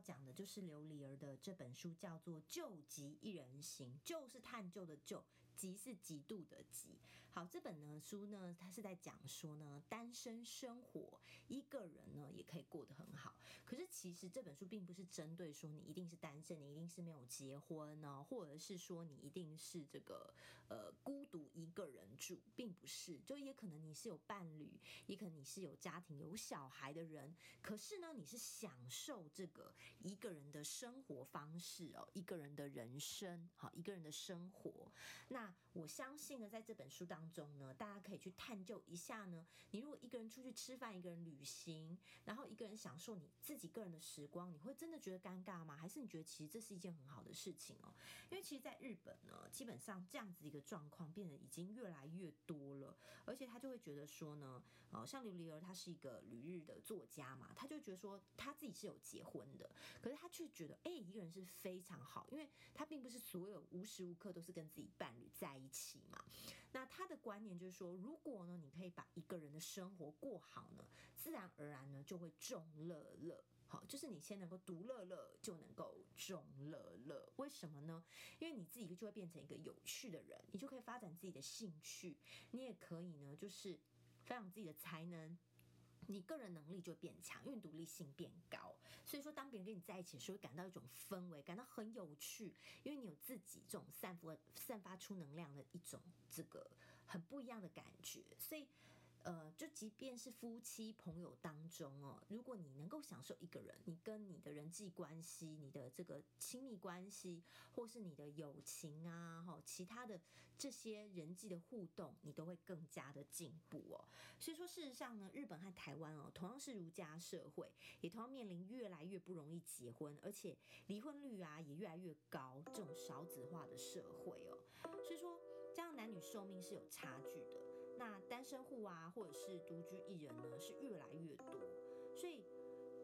講的就是琉璃兒的這本書，叫做《究極一人行》，究是探究的究，極是極度的極。好，這本呢書呢，它是在講說呢，單身生活，一個人呢也可以過得很好。可是其實這本書並不是針對說你一定是單身，你一定是沒有結婚呢、哦，或者是說你一定是這個呃孤獨一個人住，並不是，就也可能你是有伴侶，也可能你是有家庭、有小孩的人，可是呢，你是享受這個一個人的生活方式哦，一個人的人生，好，一個人的生活。那我相信呢，在這本書當中，中呢，大家可以去探究一下呢。你如果一個人出去吃飯，一個人旅行，然後一個人享受你自己個人的時光，你會真的覺得尷尬嗎？還是你覺得其實這是一件很好的事情哦？因為其實，在日本呢，基本上這樣子一個狀況變得已經越來越多了。而且他就會覺得說呢，哦，像劉黎兒，他是一個旅日的作家嘛，他就覺得說他自己是有結婚的，可是他卻覺得，哎，一個人是非常好，因為他並不是所有無時無刻都是跟自己伴侶在一起嘛。那他的。觀念就是說，如果呢，你可以把一個人的生活過好呢，自然而然呢就會眾樂樂。好，就是你先能夠獨樂樂，就能夠眾樂樂。為什麼呢？因為你自己就會變成一個有趣的人，你就可以發展自己的興趣，你也可以呢，就是發展自己的才能，你個人能力就變強，因為獨立性變高。所以說，當別人跟你在一起時，會感到一種氛圍，感到很有趣，因為你有自己這種散發散發出能量的一種這個。很不一樣的感覺，所以，呃，就即便是夫妻、朋友當中哦，如果你能夠享受一個人，你跟你的人際關係、你的這個親密關係，或是你的友情啊，哈，其他的這些人際的互動，你都會更加的進步哦。所以說，事實上呢，日本和台灣哦，同樣是儒家社會，也同樣面臨越來越不容易結婚，而且離婚率啊也越來越高，這種少子化的社會哦。壽命是有差距的，那單身戶啊，或者是獨居一人呢，是越來越多，所以，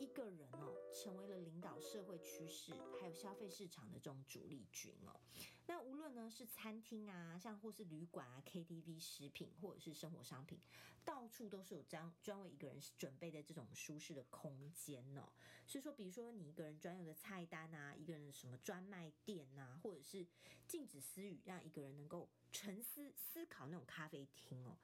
一個人哦，成為了領導社會趨勢，還有消費市場的這種主力軍哦。那無論呢是餐廳啊，像或是旅館啊，KTV、食品或者是生活商品，到處都是有這樣專為一個人準備的這種舒適的空間哦。所以說，比如說你一個人專用的菜單啊，一個人的什麼專賣店吶、啊，或者是禁止私語，讓一個人能夠沉思思考那種咖啡廳哦。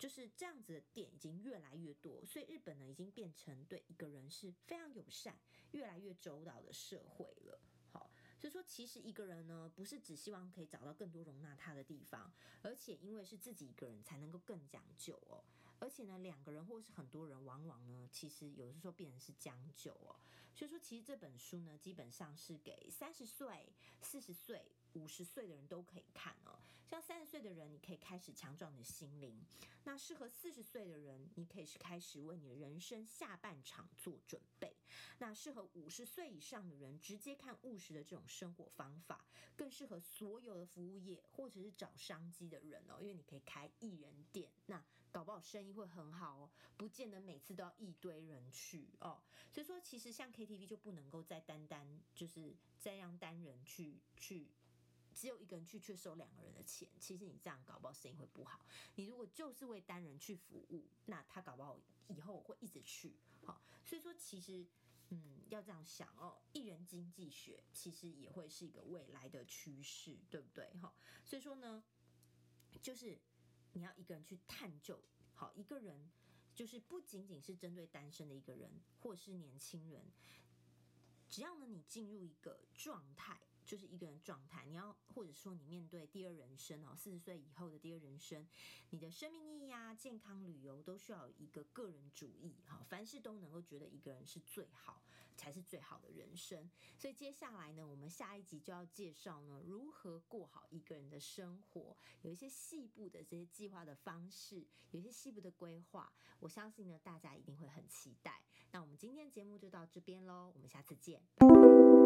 就是這樣子的店，已經越來越多，所以日本呢已經變成對一個人是非常友善、越來越周到的社會了。好，所以說其實一個人呢不是只希望可以找到更多容納他的地方，而且因為是自己一個人才能夠更講究哦。而且呢兩個人或是很多人，往往呢其實有的時候變成是將就哦。所以說其實這本書呢基本上是給三十歲、四十歲。五十歲的人都可以看哦，像三十歲的人，你可以開始強壯你的心靈；那適合四十歲的人，你可以是開始為你的人生下半場做準備；那適合五十歲以上的人，直接看務實的這種生活方法，更適合所有的服務業或者是找商機的人哦，因為你可以開一人店，那搞不好生意會很好哦，不見得每次都要一堆人去哦。所以說，其實像 KTV 就不能夠再單單就是再讓單人去去。只有一個人去卻收兩個人的錢，其實你這樣搞不好生意會不好。你如果就是為單人去服務，那他搞不好以後會一直去，好、哦。所以說，其實，嗯，要這樣想哦，一人經濟學其實也會是一個未來的趨勢，對不對？哈、哦，所以說呢，就是你要一個人去探究，好、哦，一個人就是不僅僅是針對單身的一個人或是年輕人，只要呢你進入一個狀態。就是一個人狀態，你要或者說你面對第二人生哦，四十歲以後的第二人生，你的生命意義呀、啊、健康、旅遊都需要有一個個人主義哈、哦，凡事都能夠覺得一個人是最好，才是最好的人生。所以接下來呢，我們下一集就要介紹呢，如何過好一個人的生活，有一些細部的這些計劃的方式，有一些細部的規劃，我相信呢，大家一定會很期待。那我們今天節目就到這邊嘍，我們下次見。拜拜。